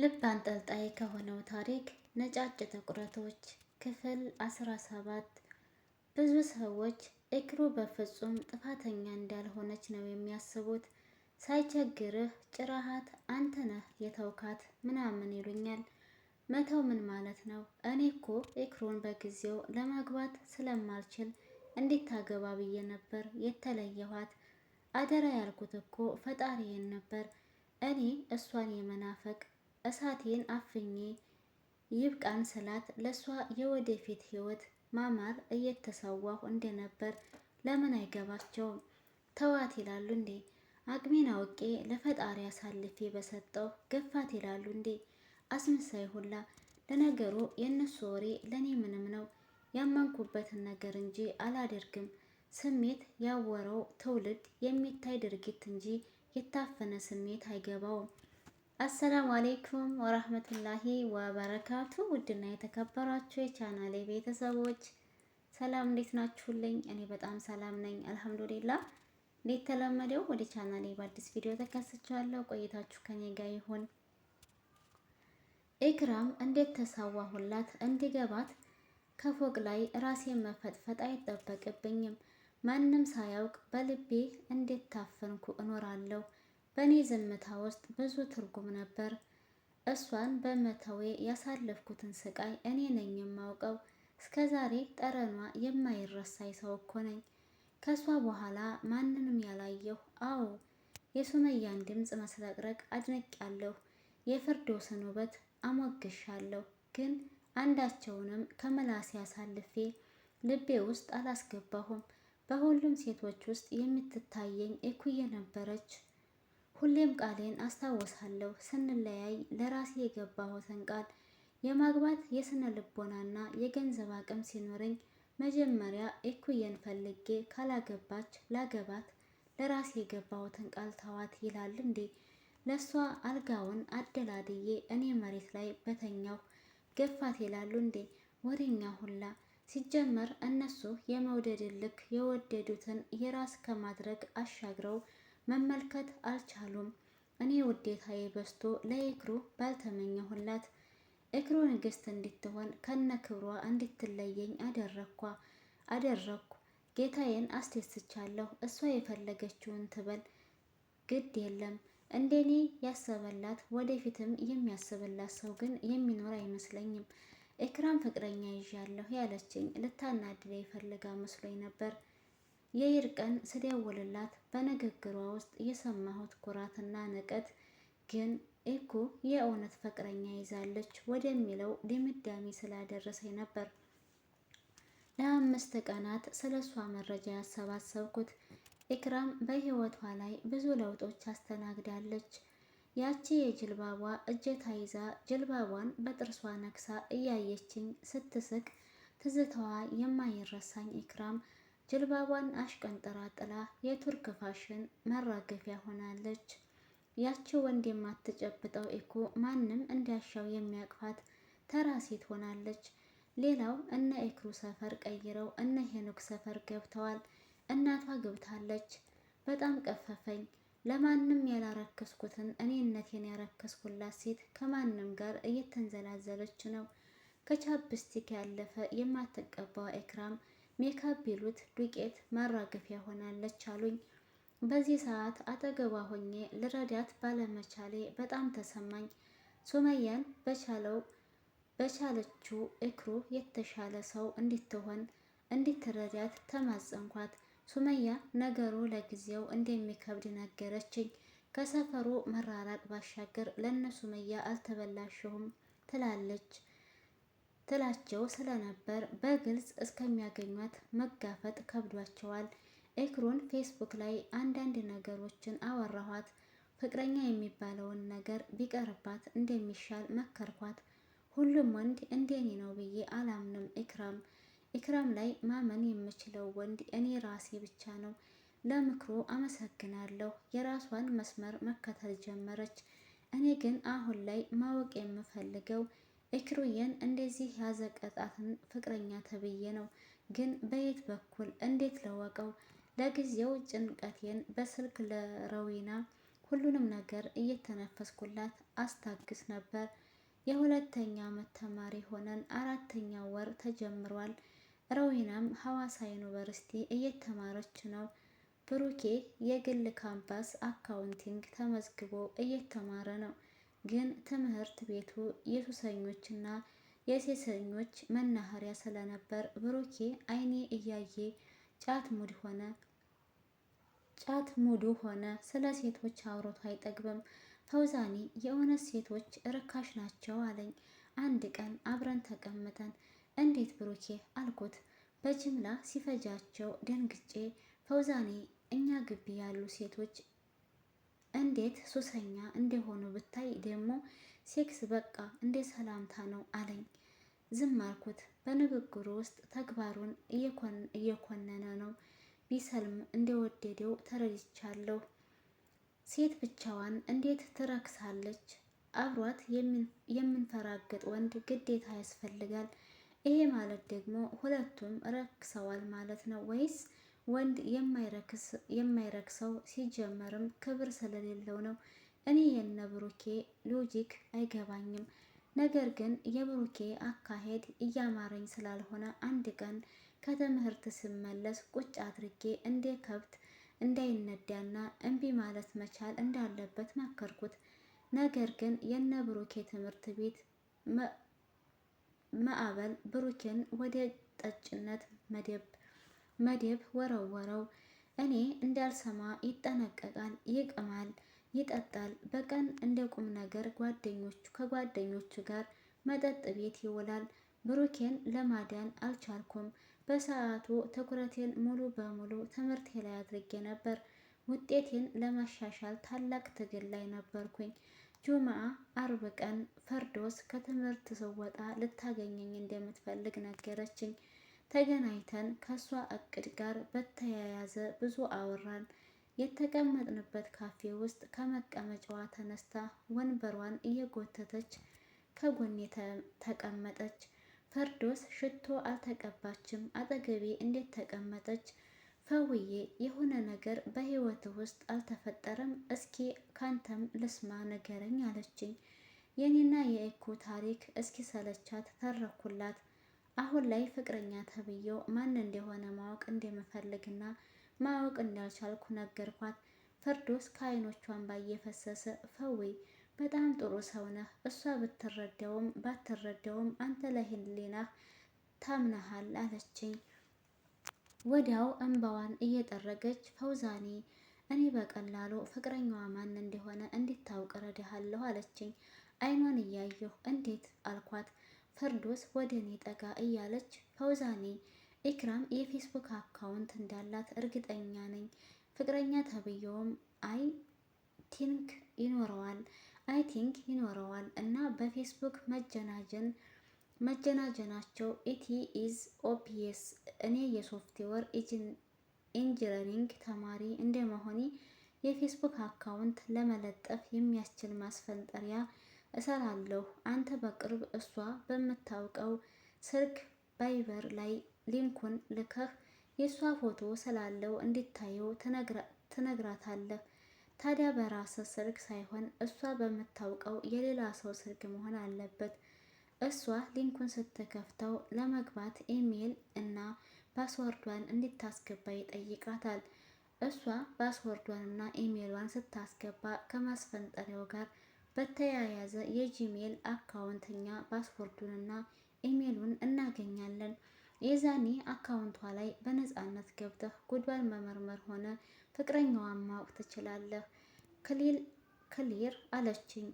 ልብ አንጠልጣይ ከሆነው ታሪክ ነጫጭ ትኩረቶች ክፍል 17 ብዙ ሰዎች ኤክሩ በፍጹም ጥፋተኛ እንዳልሆነች ነው የሚያስቡት። ሳይቸግርህ ጭራሃት አንተ ነህ የተውካት ምናምን ይሉኛል። መተው ምን ማለት ነው? እኔ እኮ ኤክሩን በጊዜው ለማግባት ስለማልችል እንዴት ታገባ ብዬ ነበር የተለየኋት። አደራ ያልኩት እኮ ፈጣሪዬን ነበር። እኔ እሷን የመናፈቅ እሳቴን አፍኜ ይብቃን ስላት ለእሷ የወደፊት ህይወት ማማር እየተሰዋሁ እንደነበር ለምን አይገባቸውም? ተዋት ይላሉ እንዴ? አቅሜን አውቄ ለፈጣሪ አሳልፌ በሰጠው ገፋት ይላሉ እንዴ? አስመሳይ ሁላ። ለነገሩ የእነሱ ወሬ ለእኔ ምንም ነው። ያመንኩበትን ነገር እንጂ አላደርግም። ስሜት ያወረው ትውልድ የሚታይ ድርጊት እንጂ የታፈነ ስሜት አይገባውም። አሰላሙ አሌይኩም ወራህመቱላሂ ወበረካቱ። ውድና የተከበራችሁ የቻናሌ ቤተሰቦች ሰላም እንዴት ናችሁልኝ? እኔ በጣም ሰላም ነኝ አልሐምዱሊላ። እንዴት ተለመደው ወደ ቻናሌ በአዲስ ቪዲዮ ተከስቻለሁ። ቆይታችሁ ከኔ ጋር ይሁን። ኢክራም እንዴት ተሳዋሁላት እንዲገባት ከፎቅ ላይ ራሴን መፈጥፈጥ አይጠበቅብኝም። ማንም ሳያውቅ በልቤ እንዴት ታፈንኩ እኖራለሁ በእኔ ዝምታ ውስጥ ብዙ ትርጉም ነበር። እሷን በመተዌ ያሳለፍኩትን ስቃይ እኔ ነኝ የማውቀው። እስከ ዛሬ ጠረኗ የማይረሳኝ ሰው እኮ ነኝ። ከእሷ በኋላ ማንንም ያላየሁ። አዎ የሱመያን ድምፅ መስረቅረቅ የፍርድ ወሰን ውበት አሞግሻለሁ። ግን አንዳቸውንም ከመላሴ አሳልፌ ልቤ ውስጥ አላስገባሁም። በሁሉም ሴቶች ውስጥ የምትታየኝ እኩዬ ነበረች። ሁሌም ቃሌን አስታውሳለሁ። ስንለያይ ለራሴ የገባሁትን ቃል የማግባት የስነ ልቦናና የገንዘብ አቅም ሲኖረኝ መጀመሪያ እኩየን ፈልጌ ካላገባች ላገባት ለራሴ የገባሁትን ቃል ተዋት ይላል እንዴ? ለእሷ አልጋውን አደላድዬ እኔ መሬት ላይ በተኛው ገፋት ይላሉ እንዴ? ወሬኛ ሁላ ሲጀመር እነሱ የመውደድ ልክ የወደዱትን የራስ ከማድረግ አሻግረው መመልከት አልቻሉም። እኔ ውዴታዬ በስቶ ለእክሩ ባልተመኘሁላት ኢክሩ ንግስት እንድትሆን ከነ ክብሯ እንድትለየኝ አደረኳ አደረኩ። ጌታዬን አስደስቻለሁ። እሷ የፈለገችውን ትበል፣ ግድ የለም። እንደኔ ያሰበላት ወደፊትም የሚያስብላት ሰው ግን የሚኖር አይመስለኝም። ኢክራም ፍቅረኛ ይዣለሁ ያለችኝ ልታናድደ የፈልጋ መስሎኝ ነበር። የይርቀን ስደውልላት በንግግሯ ውስጥ የሰማሁት ኩራትና ንቀት ግን ኤኮ የእውነት ፍቅረኛ ይዛለች ወደሚለው ድምዳሜ ስላደረሰኝ ነበር። ለአምስት ቀናት ስለ እሷ መረጃ ያሰባሰብኩት። ኢክራም በሕይወቷ ላይ ብዙ ለውጦች አስተናግዳለች። ያቺ የጅልባቧ እጀታ ይዛ ጅልባቧን በጥርሷ ነክሳ እያየችኝ ስትስቅ ትዝታዋ የማይረሳኝ ኢክራም ጅልባቧን አሽቀንጥራ ጥላ የቱርክ ፋሽን መራገፊያ ሆናለች። ያቺ ወንድ የማትጨብጠው ኢኮ ማንም እንዲያሻው የሚያቅፋት ተራ ሴት ሆናለች። ሌላው እነ ኤክሩ ሰፈር ቀይረው እነ ሄኖክ ሰፈር ገብተዋል። እናቷ ገብታለች። በጣም ቀፈፈኝ። ለማንም ያላረከስኩትን እኔነቴን ያረከስኩላት ሴት ከማንም ጋር እየተንዘላዘለች ነው። ከቻፕስቲክ ያለፈ የማትቀባው ኤክራም ሜካፕ ቢሉት ዱቄት ማራገፊያ ሆናለች አሉኝ። በዚህ ሰዓት አጠገቧ ሆኜ ልረዳት ባለመቻሌ በጣም ተሰማኝ። ሱመያን በቻለው በቻለችው እክሩ የተሻለ ሰው እንድትሆን እንድትረዳት ተማጸንኳት። ሱመያ ነገሩ ለጊዜው እንደሚከብድ ነገረችኝ። ከሰፈሩ መራራቅ ባሻገር ለነ ሱመያ አልተበላሸሁም ትላለች። ትላቸው ስለነበር በግልጽ እስከሚያገኟት መጋፈጥ ከብዷቸዋል። ኤክሮን ፌስቡክ ላይ አንዳንድ ነገሮችን አወራኋት። ፍቅረኛ የሚባለውን ነገር ቢቀርባት እንደሚሻል መከርኳት። ሁሉም ወንድ እንደኔ ነው ብዬ አላምንም። ኢክራም ኢክራም ላይ ማመን የምችለው ወንድ እኔ ራሴ ብቻ ነው። ለምክሩ አመሰግናለሁ። የራሷን መስመር መከተል ጀመረች። እኔ ግን አሁን ላይ ማወቅ የምፈልገው ኤክሩዬን እንደዚህ ያዘቀጣትን ፍቅረኛ ተብዬ ነው። ግን በየት በኩል እንዴት ለወቀው? ለጊዜው ጭንቀቴን በስልክ ለረዊና ሁሉንም ነገር እየተነፈስኩላት አስታግስ ነበር። የሁለተኛ ዓመት ተማሪ ሆነን አራተኛ ወር ተጀምሯል። ረዊናም ሐዋሳ ዩኒቨርሲቲ እየተማረች ነው። ብሩኬ የግል ካምፓስ አካውንቲንግ ተመዝግቦ እየተማረ ነው። ግን ትምህርት ቤቱ የሱሰኞችና የሴሰኞች መናኸሪያ ስለነበር ብሩኬ አይኔ እያየ ጫት ሙድ ሆነ ጫት ሙዱ ሆነ። ስለ ሴቶች አውሮቱ አይጠግብም። ፈውዛኔ የእውነት ሴቶች ርካሽ ናቸው አለኝ። አንድ ቀን አብረን ተቀምጠን እንዴት ብሩኬ አልኩት። በጅምላ ሲፈጃቸው ደንግጬ ፈውዛኔ እኛ ግቢ ያሉ ሴቶች እንዴት ሱሰኛ እንደሆኑ ብታይ ደግሞ ሴክስ በቃ እንደ ሰላምታ ነው አለኝ። ዝም አልኩት። በንግግሩ ውስጥ ተግባሩን እየኮነነ ነው። ቢሰልም እንደወደደው ተረድቻለሁ። ሴት ብቻዋን እንዴት ትረክሳለች? አብሯት የምንፈራገጥ ወንድ ግዴታ ያስፈልጋል። ይሄ ማለት ደግሞ ሁለቱም ረክሰዋል ማለት ነው ወይስ ወንድ የማይረክሰው ሲጀመርም ክብር ስለሌለው ነው። እኔ የነ ብሩኬ ሎጂክ አይገባኝም። ነገር ግን የብሩኬ አካሄድ እያማረኝ ስላልሆነ አንድ ቀን ከትምህርት ስመለስ ቁጭ አድርጌ እንደ ከብት እንዳይነዳና እምቢ ማለት መቻል እንዳለበት መከርኩት። ነገር ግን የነ ብሩኬ ትምህርት ቤት ማዕበል ብሩኬን ወደ ጠጭነት መደብ መደብ ወረወረው። እኔ እንዳልሰማ ይጠነቀቃል፣ ይቅማል፣ ይጠጣል። በቀን እንደ ቁም ነገር ጓደኞቹ ከጓደኞቹ ጋር መጠጥ ቤት ይውላል። ብሩኬን ለማዳን አልቻልኩም። በሰዓቱ ትኩረቴን ሙሉ በሙሉ ትምህርቴ ላይ አድርጌ ነበር። ውጤቴን ለማሻሻል ታላቅ ትግል ላይ ነበርኩኝ። ጁማአ አርብ ቀን ፈርዶስ ከትምህርት ስወጣ ልታገኘኝ እንደምትፈልግ ነገረችኝ። ተገናኝተን ከእሷ እቅድ ጋር በተያያዘ ብዙ አወራን። የተቀመጥንበት ካፌ ውስጥ ከመቀመጫዋ ተነስታ ወንበሯን እየጎተተች ከጎኔ ተቀመጠች። ፈርዶስ ሽቶ አልተቀባችም። አጠገቤ እንዴት ተቀመጠች? ፈውዬ የሆነ ነገር በህይወት ውስጥ አልተፈጠረም? እስኪ ካንተም ልስማ ንገረኝ አለችኝ። የኔና የኤኮ ታሪክ እስኪ ሰለቻት ተረኩላት። አሁን ላይ ፍቅረኛ ተብዬው ማን እንደሆነ ማወቅ እንደምፈልግና ማወቅ እንዳልቻልኩ ነገርኳት። ፈርዶስ ከዓይኖቿ እንባ እየፈሰሰ ፈዊ በጣም ጥሩ ሰው ነህ። እሷ ብትረዳውም ባትረዳውም አንተ ለህሊናህ ታምናሃል አለችኝ። ወዲያው እንባዋን እየጠረገች ፈውዛኔ እኔ በቀላሉ ፍቅረኛዋ ማን እንደሆነ እንዲታውቅ ረዳሃለሁ አለችኝ። አይኗን እያየሁ እንዴት አልኳት። ፈርዶስ ወደ እኔ ጠጋ እያለች ፈውዛኔ ኢክራም የፌስቡክ አካውንት እንዳላት እርግጠኛ ነኝ። ፍቅረኛ ተብዬውም አይ ቲንክ ይኖረዋል አይ ቲንክ ይኖረዋል እና በፌስቡክ መጀናጀን መጀናጀናቸው ኢቲ ኢዝ ኦፒስ እኔ የሶፍትዌር ኢንጂነሪንግ ተማሪ እንደመሆኔ የፌስቡክ አካውንት ለመለጠፍ የሚያስችል ማስፈንጠሪያ እሰራለሁ። አንተ በቅርብ እሷ በምታውቀው ስልክ ቫይበር ላይ ሊንኩን ልከህ የእሷ ፎቶ ስላለው እንዲታየው ትነግራታለህ። ታዲያ በራሰ ስልክ ሳይሆን እሷ በምታውቀው የሌላ ሰው ስልክ መሆን አለበት። እሷ ሊንኩን ስትከፍተው ለመግባት ኢሜይል እና ፓስወርዷን እንድታስገባ ይጠይቃታል። እሷ ፓስወርዷንና ኢሜይሏን ስታስገባ ከማስፈንጠሪያው ጋር በተያያዘ የጂሜል አካውንትኛ ፓስወርዱንና ኢሜሉን እናገኛለን። የዛኔ አካውንቷ ላይ በነፃነት ገብተህ ጉዷን መመርመር ሆነ ፍቅረኛዋን ማወቅ ትችላለህ። ክሊር አለችኝ።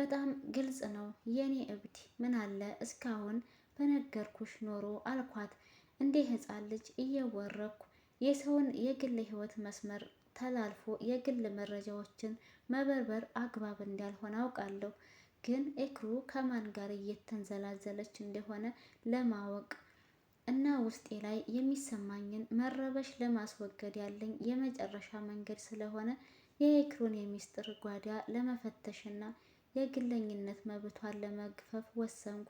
በጣም ግልጽ ነው የኔ እብድ። ምን አለ እስካሁን በነገርኩሽ ኖሮ አልኳት። እንዴ ሕፃን ልጅ እየወረኩ የሰውን የግል ሕይወት መስመር ተላልፎ የግል መረጃዎችን መበርበር አግባብ እንዳልሆነ አውቃለሁ፣ ግን ኤክሩ ከማን ጋር እየተንዘላዘለች እንደሆነ ለማወቅ እና ውስጤ ላይ የሚሰማኝን መረበሽ ለማስወገድ ያለኝ የመጨረሻ መንገድ ስለሆነ የኤክሩን የሚስጥር ጓዳ ለመፈተሽና የግለኝነት መብቷን ለመግፈፍ ወሰንኩ።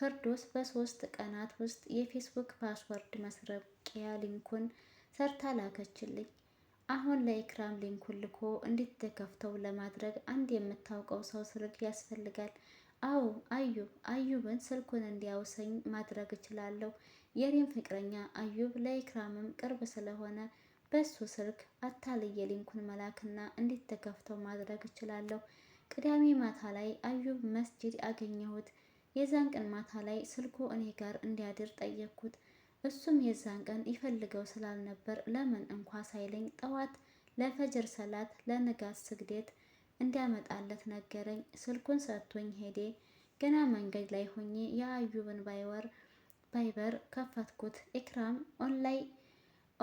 ፍርዶስ በሶስት ቀናት ውስጥ የፌስቡክ ፓስወርድ መስረቂያ ሊንኩን ሰርታ ላከችልኝ። አሁን ለኢክራም ሊንኩን ልኮ እንዲተከፍተው ለማድረግ አንድ የምታውቀው ሰው ስልክ ያስፈልጋል። አዎ አዩብ አዩብን ስልኩን እንዲያውሰኝ ማድረግ እችላለሁ። የኔም ፍቅረኛ አዩብ ለኢክራምም ቅርብ ስለሆነ በሱ ስልክ አታልዬ ሊንኩን መላክና እንዲተከፍተው ማድረግ እችላለሁ። ቅዳሜ ማታ ላይ አዩብ መስጂድ አገኘሁት። የዛን ቀን ማታ ላይ ስልኩ እኔ ጋር እንዲያድር ጠየቅኩት። እሱም የዛን ቀን ይፈልገው ስላልነበር ለምን እንኳ ሳይለኝ ጠዋት ለፈጅር ሰላት ለንጋት ስግደት እንዲያመጣለት ነገረኝ። ስልኩን ሰጥቶኝ ሄዴ ገና መንገድ ላይ ሆኜ የአዩብን ባይወር ቫይበር ከፈትኩት። ኢክራም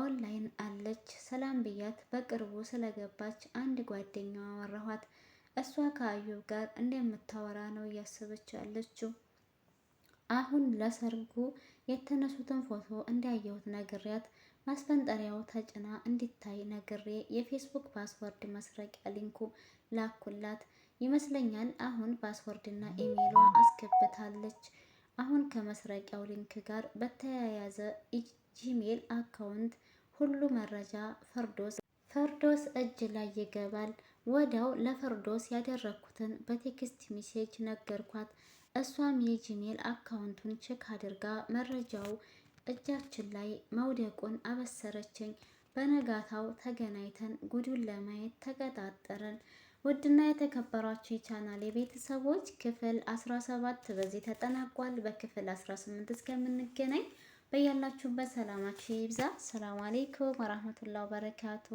ኦንላይን አለች። ሰላም ብያት በቅርቡ ስለገባች አንድ ጓደኛዋ አወራኋት። እሷ ከአዩብ ጋር እንደምታወራ ነው እያሰበች ያለችው። አሁን ለሰርጉ የተነሱትን ፎቶ እንዳየሁት ነግሬያት ማስፈንጠሪያው ተጭና እንዲታይ ነግሬ የፌስቡክ ፓስወርድ መስረቂያ ሊንኩ ላኩላት። ይመስለኛል አሁን ፓስወርድና ኢሜይሏ አስገብታለች። አሁን ከመስረቂያው ሊንክ ጋር በተያያዘ ጂሜል አካውንት ሁሉ መረጃ ፈርዶስ ፈርዶስ እጅ ላይ ይገባል። ወዲያው ለፈርዶስ ያደረግኩትን በቴክስት ሚሴጅ ነገርኳት። እሷም የጂሜል አካውንቱን ቼክ አድርጋ መረጃው እጃችን ላይ መውደቁን አበሰረችኝ። በነጋታው ተገናኝተን ጉዱን ለማየት ተቀጣጠርን። ውድና የተከበሯችሁ የቻናል የቤተሰቦች ክፍል 17 በዚህ ተጠናቋል። በክፍል 18 እስከምንገናኝ በያላችሁበት ሰላማችሁ ይብዛ። ሰላም አሌይኩም ወራህመቱላሂ ወበረካቱ